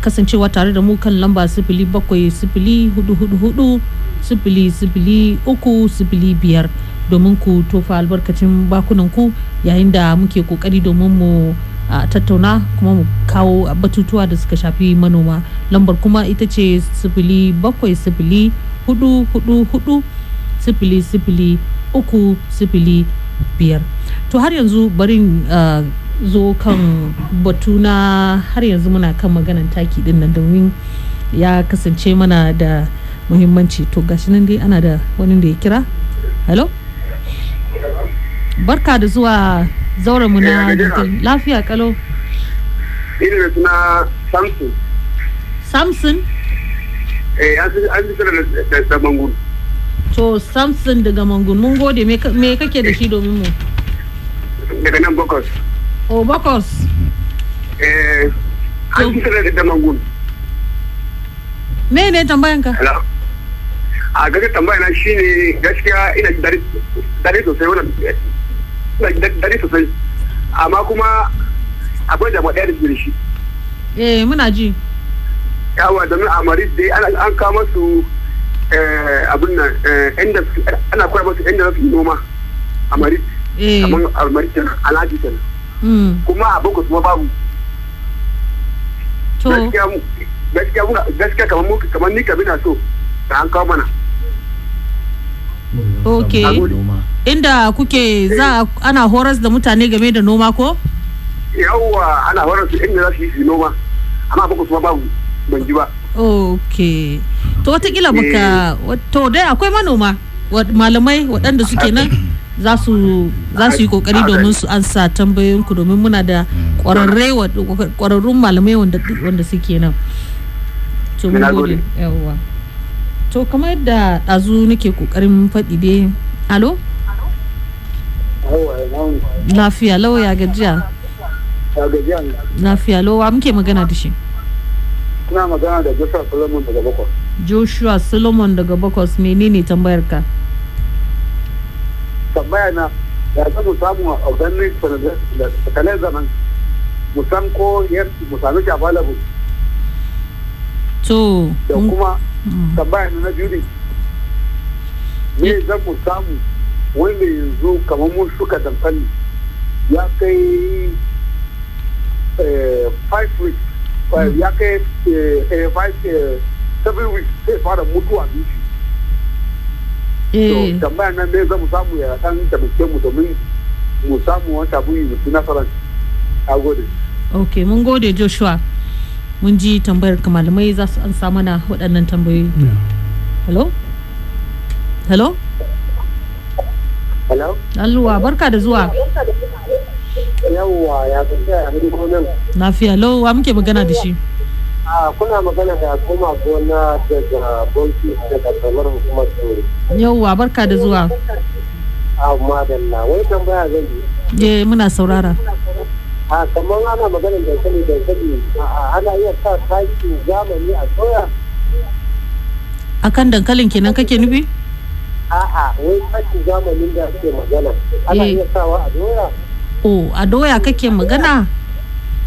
kasancewa tare da mu kan lamba sifili bakwai sifili hudu hudu hudu sifili sifili uku sifili biyar domin ku tofa albarkacin bakunan ku yayin da muke kokari domin mu a tattauna kuma mu kawo batutuwa da suka shafi manoma lambar kuma ita ce sifili bakwai sifili hudu hudu hudu sifili sifili uku sifili biyar to har yanzu barin zo kan batu na har yanzu muna kan maganan taki din nan domin ya kasance mana da muhimmanci to gashi nan dai ana da wani da ya kira hello barka da zuwa zauren mu na eh, lafiya kalo ina da suna samson samson eh an ji sanar da mangun to samson daga mangun mun gode me kake da shi domin mu daga nan bakos o oh, bakos eh an ji sanar da mangun me ne tambayanka a ah, gaggar tambayana shine gaskiya ina dare sosai wannan dare sosai amma kuma akwai da ɗaya da shi eh muna ji yawa domin a maris dai an kama eh, eh, su abin nan inda ana koya masu inda zasu noma a maris eh. kamar a maris alhaji kenan hmm. kuma a kuma babu gaskiya kamar mu kamar ni kabina so da an kawo mana okay inda kuke za ana horas da mutane game da noma ko yawwa ana horas da inda za su yi noma amma ba kuma babu ban ji ba ok to watakila baka eh. to dai akwai manoma malamai waɗanda suke nan za su yi kokari ah, domin su ansa tambayoyinku domin muna da mm. ƙwararrun malamai wanda suke nan to mun gode yawwa to kamar yadda ɗazu nake kokarin faɗi dai alo lafiya lau ya gajiya lafiya lau wa muke magana da shi na magana da joshua solomon daga bakwas joshua solomon daga bakwas menene tambayar ka tambaya na ya ga mu samu a ganin tsakanin zaman mu san ko mu sami labu to da kuma mm. tambaya na biyu ne me zan mu samu wanda yanzu kamar mun shuka dankali ya kai 5 eh, weeks ya kai 7 eh, eh, weeks sai fara mutuwa shi to tambaya nan ne zamu samu ya dan tabbake mu domin mu samu wata buyi mu nasarar a gode ok mun gode joshua mun ji tambayar ka malamai za su an mana waɗannan tambayoyi hello hello Alluwa barka da zuwa. Yawwa ya kusa a nan. fi lau wa muke magana da shi. A kuna magana da kuma gona daga Bonki daga Samar hukumar Tsoro. Yawwa barka da zuwa. A madalla wai tambaya zan yi. Ye, eh, muna saurara. A kamar ana magana da kani da sani ana iya sa taki zamani a soya. Akan dankalin kenan kake nufi? A'a, wai zamanin da ake magana. Ana eh. iya sawa a doya? Oh, a doya kake magana?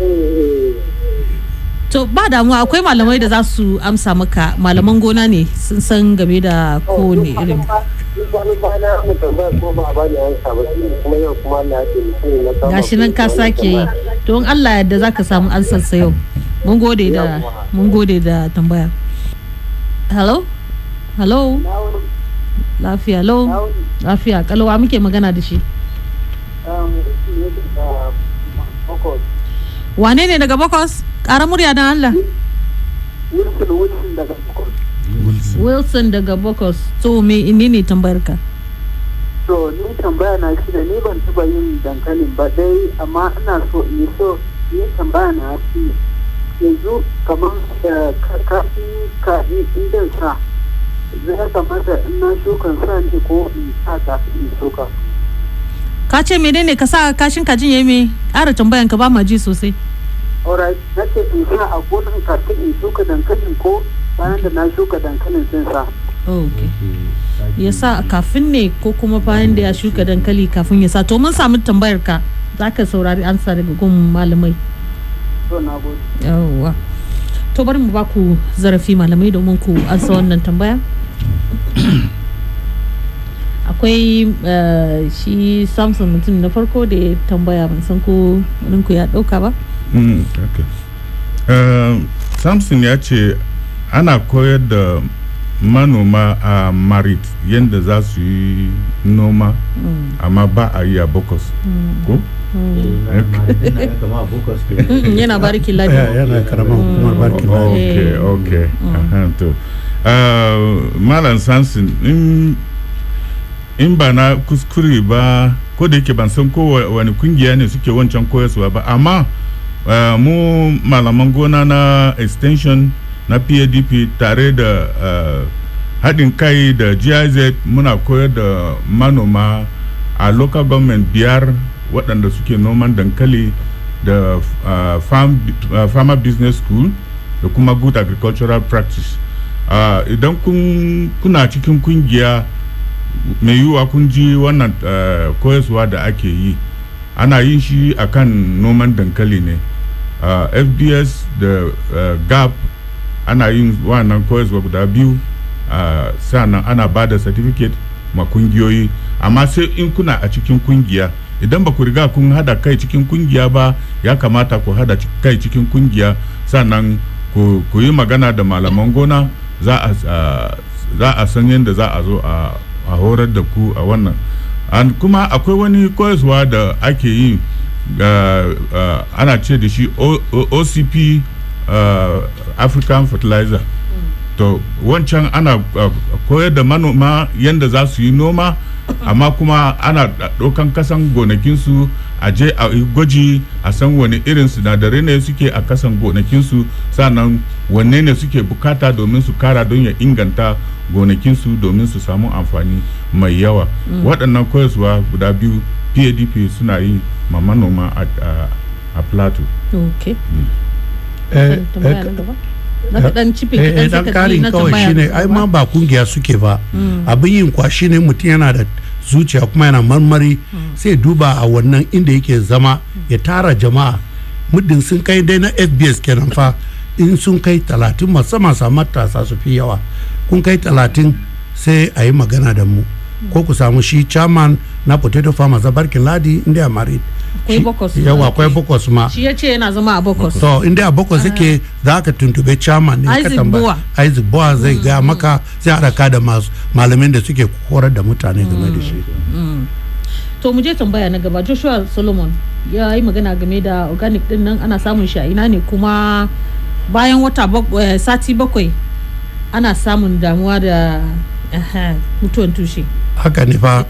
Eh. To ba damuwa akwai malamai da za su amsa maka malaman gona ne sun san game da kowane oh, irin. Gashi nan ka sake yi, to Allah yadda za ka samu ansarsa yau. Mun gode da mun gode da tambaya. Hello? Hello? lafiya lau lafiya kalawa muke magana da shi um, wane ne daga bakwas ƙara murya don allah wilson daga bakwas to me ini ne tambayar ka so ni tambaya na shi da ni ban taba yin dankalin ba dai amma ina so in so ni tambaya na shi yanzu kamar kafin eh, ka inda sa zai kamata in na shukan sa ne ko in sa ta in shuka ka ce menene ka sa kashin kajin ya mai ƙara tambayan ka ba ma ji sosai alright na ce in sa a gonan kafin in shuka dankalin ko bayan da na shuka dankalin sun sa ok ya sa kafin ne ko kuma bayan da ya shuka dankali kafin ya sa to mun samu tambayar ka za ka saurari ansa daga gun malamai yawwa to bari mu baku zarafi malamai domin ku ansa wannan tambaya <clears throat> akwai eh, shi samson mutum na farko da ya tambaya ban san ko ku ya dauka ba mm, eh, samson ya ce ana koyar da manoma a marit yadda za su yi noma mm. amma ba a yi a bokos ko? malan barki ladi yana sansin in ba na kuskure ba ko da yake ban san ko wani kungiya ne suke wancan koyarwa ba amma ah, mu malaman gona na extension na PADP tare da eh, haɗin kai da GIZ muna koyar da manoma a local government biyar waɗanda suke noman dankali da eh, farm, eh, farmer business school da kuma good agricultural practice idan kuna cikin kungiya mai yiwuwa kun ji wannan koyaswa da ake yi ana yin shi akan noman dankali ne fbs da gap ana yin wannan koyarwa guda biyu sannan ana ba da certificate ma kungiyoyi amma sai in kuna a cikin kungiya idan ba ku riga kun hada kai cikin kungiya ba ya kamata ku hada kai cikin kungiya sannan ku yi magana da malaman gona za a san yadda za a zo a horar da ku a wannan kuma akwai wani koyaswa da ake yi ana ce da shi ocp Uh, african fertilizer mm. to wancan ana uh, koyar da manoma yadda za su yi noma <coughs> amma kuma ana ɗaukan kasan gonakinsu a je a gwaji a san wani irin sinadarai ne suke a kasan gonakinsu sannan wanne ne suke bukata domin su kara don ya inganta gonakinsu domin su samu amfani mai yawa mm. waɗannan koyaswa guda biyu padp suna yi ma manoma a plateau mm. dan cipin dan karin kawai shine ai ma ba kungiya suke ba mm. abin yin kwa ne mutum yana da zuciya kuma yana marmari mm. sai duba a wannan inda yake zama ya tara jama'a muddin sun kai dai na fbs kenan fa in sun kai talatin musamman matasa su fi yawa kun kai talatin sai a yi magana da mu ko ku samu shi chairman na potato farmers a barkin ladi inda ya akwai bokos yawa akwai bokos ma shi ya ce yana zama a bokos to inda a bokos ah. yake za ka tuntube chairman ne ka tambaya Isaac Bua zai mm. ga maka sai a raka da malamin da suke horar da mutane game da shi mm. Mm. to mu je tambaya na gaba Joshua Solomon ya yi magana game da organic din nan ana samun shi a ina ne kuma bayan wata eh, sati bakwai ana samun damuwa da mutuwan tushe haka ne fa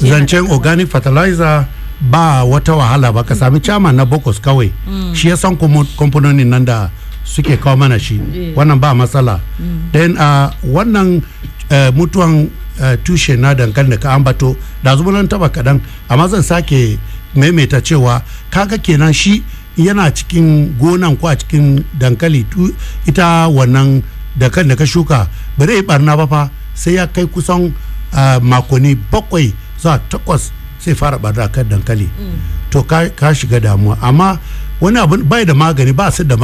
zancen organic fertilizer ba wata wahala ba ka sami cama na bokos kawai mm. shi ya san kamfanonin nan da suke kawo mana shi mm. wannan ba matsala mm. then a uh, wannan uh, mutuwan uh, tushe na dankali da ka ambato da nan taba kadan amma zan sake maimaita cewa kaga kenan shi yana cikin gonan ko a cikin dankali ita wannan dankali da ka shuka ba barna ba fa sai ya kai kusan makoni bakwai zuwa takwas sai fara barna kan dankali mm. to ka shiga damuwa amma wani abin bai da magani ba su da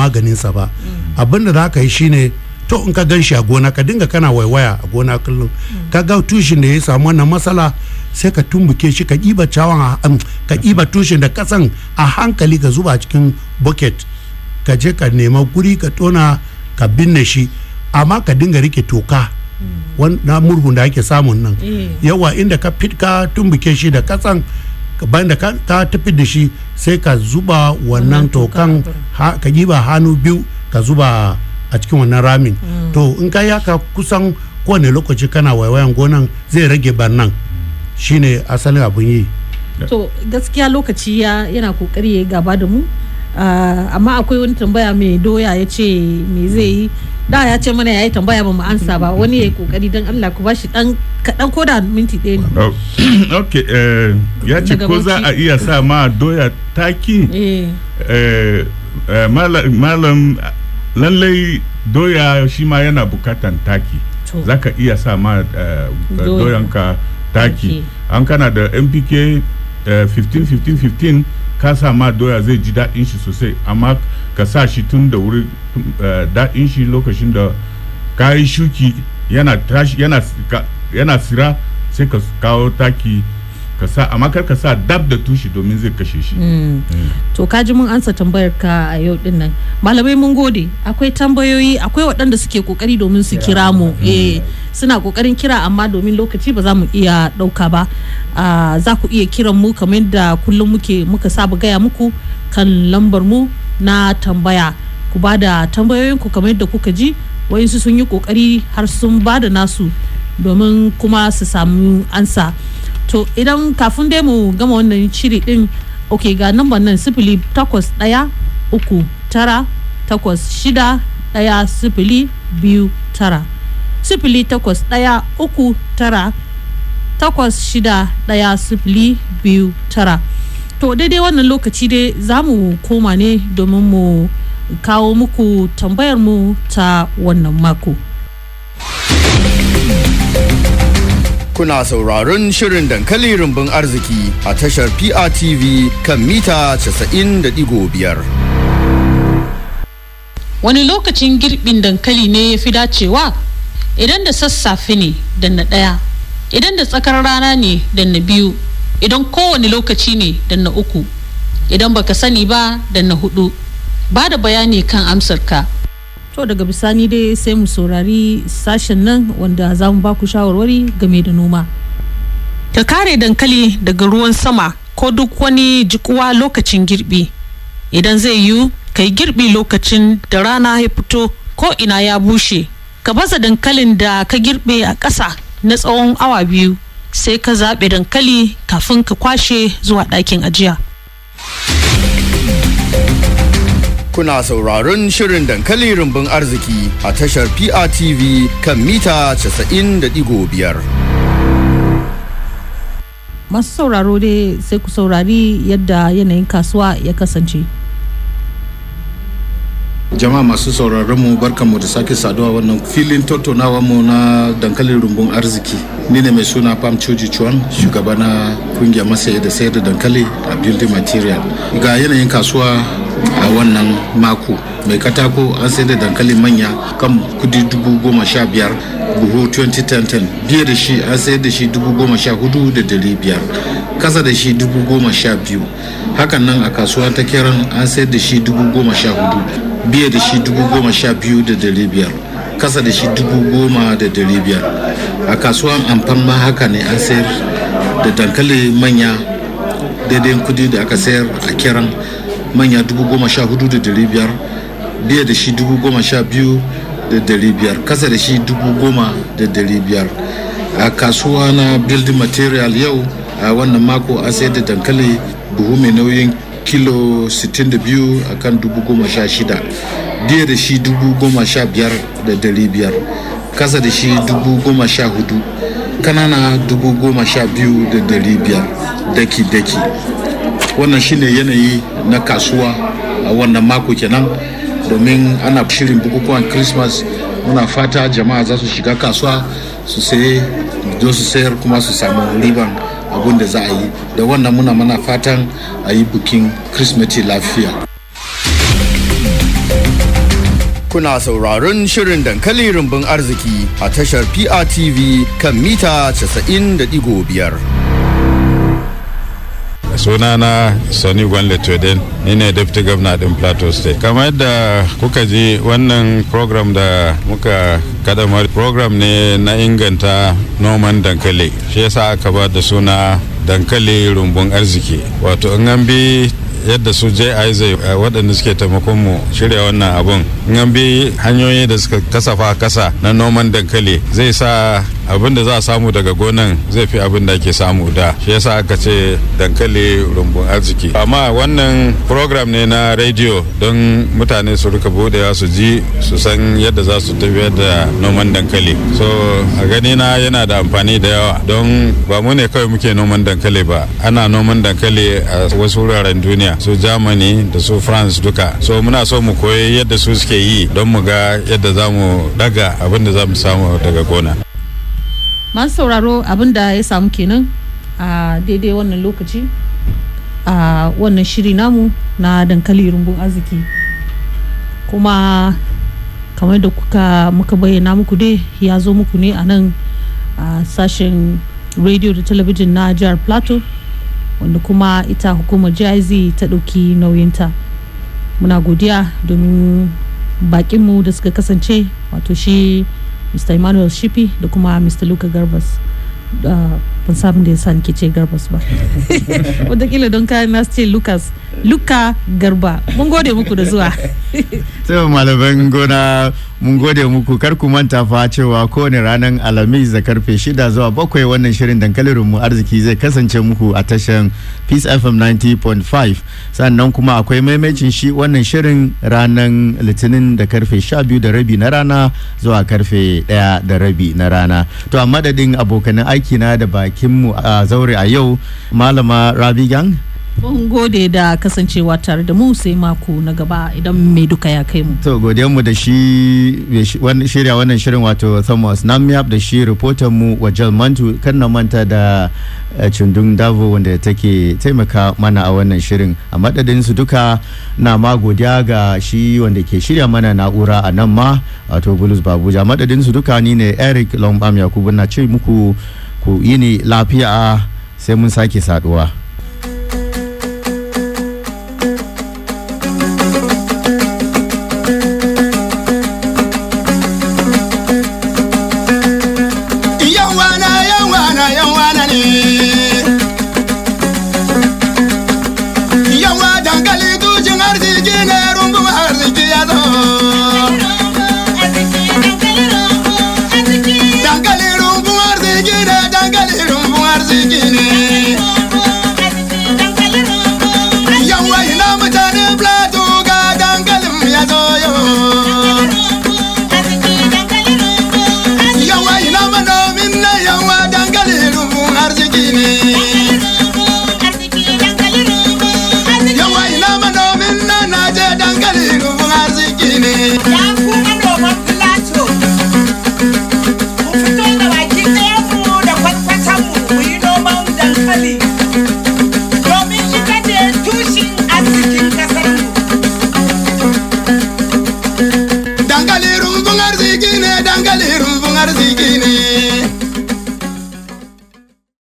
sa ba mm. abin da za ka yi shine to in ka gan shi a gona ka dinga kana waiwaya a gona kullum mm. ka ga tushen da ya samu wannan matsala sai ka tumbuke shi ka ɗiba cawan um, ka ɗiba tushen da kasan a hankali ka zuba cikin bucket ka je ka nema guri ka tona ka binne shi amma ka dinga rike toka na murhun da ake samun nan eh. yawa inda ka fitka tumbuke shi da katsan bayan da ka tafi da shi sai ka zuba wannan tokan ka giba hannu biyu ka zuba a cikin wannan ramin mm. to in ka yaka kusan kowane lokaci kana waiwayan gonan zai rage barnan shine asalin abin yi to gaskiya lokaci ya yana kokari ya gaba da mu Ah, amma akwai wani tambaya mai doya ya ce me zai yi da ya ce mana ya yi tambaya ba mu ansa ba wani ya yi kokari don Allah ku bashi dan kaɗan koda minti ɗaya ne. Oh, <clears throat> ok eh, ya ce ko za a iya sa ma doya taki eh. Eh, malam lallai doya shi ma yana bukatan taki za ka iya sa ma doyanka taki an kana da mpk 15 15 15 ka sa ma doya zai ji daɗin shi sosai amma ka sa shi tun da wuri eh, daɗin shi lokacin da ka yi shuki yana sira sai ka kawo taki Kasa amma kar ka sa dab da tushi domin zai kashe shi hmm. eh. to ka ji mun ansa tambayar ka a yau din nan malamai mun gode akwai tambayoyi akwai waɗanda suke kokari domin su kira mu eh hmm. suna kokarin kira amma domin lokaci ba za mu iya ɗauka ba ah, za ku iya kiran mu kamar da kullum muke muka saba gaya muku kan lambar mu na tambaya ku ba da tambayoyin ku kamar da kuka ji wayansu sun yi kokari har sun ba da nasu domin kuma su samu ansa to idan kafin dai mu gama wannan shiri din ok ga number nan sifili takwas daya uku tara takwas shida daya sifili biyu tara sifili takwas daya uku tara takwas shida daya sifili biyu tara to daidai wannan lokaci dai za mu koma ne domin mu kawo muku tambayar mu ta wannan mako. kuna sauraron shirin dankali rumbun arziki a tashar PRTV kan mita 90.5. Wani lokacin girbin dankali ne ya fi dacewa? Idan da sassafe ne da na ɗaya, idan da tsakar rana ne da na biyu, idan kowane lokaci ne da na uku, idan baka sani ba da na hudu. Ba da bayani kan amsarka. to daga bisani dai sai mu saurari sashen nan wanda za mu baku shawarwari game da noma ka kare dankali daga ruwan sama ko duk wani jikuwa lokacin girbi idan zai yiwu ka yi girbi lokacin da rana ya fito ko ina ya bushe ka baza dankalin da ka girbe a ƙasa na tsawon awa biyu sai ka zaɓe dankali kafin ka kwashe zuwa ɗakin ajiya kuna sauraron shirin dankali rumbun arziki a tashar PRTV kan mita 90.5. Masu sauraro dai sai ku saurari yadda yanayin kasuwa ya kasance. jama'a masu sauraron mu barkanmu da sake saduwa wannan filin tattaunawa mu na dankalin rumbun arziki ni ne mai suna pam choji chuan shugaba na kungiyar masaya da sayar da dankali a building material ga yanayin kasuwa a wannan mako mai katako an sai da dankali manya kan kudi dubu goma sha biyar buhu 2010 biye da shi an sai da shi dubu goma sha hudu da dari biyar kasa da shi dubu goma sha biyu hakan nan a kasuwa ta kiran an sai da shi dubu goma sha hudu biye da shi dubu goma sha biyu da dari biyar kasa da shi dubu goma da dari biyar a kasuwa amfan ma haka ne an sayar da dankali manya daidai kudi da aka sayar a kiran manya dubu goma sha hudu da dari biyar biya da shi dubu goma sha biyu da dari biyar kasa da shi dubu goma da dari biyar a kasuwa na building material yau a wannan mako a sayar da dankali buhu mai nauyin kilo 62 a kan dubu goma sha shida biya da shi dubu goma sha biyar da dari biyar kasa da shi dubu goma sha hudu kanana dubu goma sha biyu da dari biyar daki-daki wannan shine yanayi na kasuwa a wannan mako kenan domin ana shirin bukukuwan christmas muna fata jama'a za su shiga kasuwa su saye don su sayar kuma su samu riban abun da za a yi da wannan muna mana fatan a yi bukin krismeti lafiya kuna sauraron shirin dankali rumbun arziki a tashar PRTV kan mita 90.5 sunana sani gwanle tweden ni ne deputy governor din plateau state kamar yadda kuka ji wannan program da muka kadamar program ne na inganta noman dankali shi yasa aka ba da suna dankali rumbun arziki wato in an bi yadda su ji zai eh, waɗanda suke taimakon mu shirya wannan abun in bi hanyoyi da suka kasafa kasa na noman dankali zai sa abin da za a samu daga gonan zai fi abin da ake samu da shi yasa aka ce dankali rumbun arziki amma wannan program ne na radio don mutane su rika budewa su ji su san yadda za su tafiyar da noman dankali so a gani na yana da amfani da yawa don ba mu ne kawai muke noman dankali ba ana noman dankali a wasu wuraren duniya su germany da su france duka so muna so mu koyi yadda su suke yi don mu ga yadda za mu daga abin da za mu samu daga gona masu sauraro abin da ya samu kenan a daidai wannan lokaci a wannan shiri namu na dankali rumbun arziki kuma kamar da kuka muka bayyana muku dai ya zo muku ne a nan a sashen radio da talabijin na jihar plateau wanda kuma ita hukumar jiz ta ɗauki nauyinta muna godiya domin bakinmu da suka kasance wato shi mr emmanuel shifi da kuma mr luka garbas uh, ban samu da ya sa nake ce garbas ba wataƙila <laughs> don kayan nasu ce lucas luka garba mun gode muku da zuwa sai malaman gona mun gode muku kar ku manta fa cewa kowane ranar alhamis da karfe shida zuwa bakwai wannan shirin dankalin mu arziki zai kasance muku a tashan peace fm 90.5 sannan kuma akwai maimacin shi wannan shirin ranar litinin da karfe sha biyu da rabi na rana zuwa karfe 1 da rabi na rana to a madadin abokanin aiki na da baki mu a zaure a yau malama rabi gang mun gode da kasancewa tare da mu sai mako na gaba idan mai duka ya kai mu to gode mu da shi shirya wannan shirin wato thomas namiyab da shi reporter mu wajen mantu kan na manta da eh, cundun davo wanda take taimaka mana a wannan shirin a madadin su duka na ma godiya ga shi wanda ke shirya mana na'ura a nan ma wato bulus babuja madadin su duka ni ne eric lombam yakubu na ce muku ku yini lafiya sai mun sake saduwa.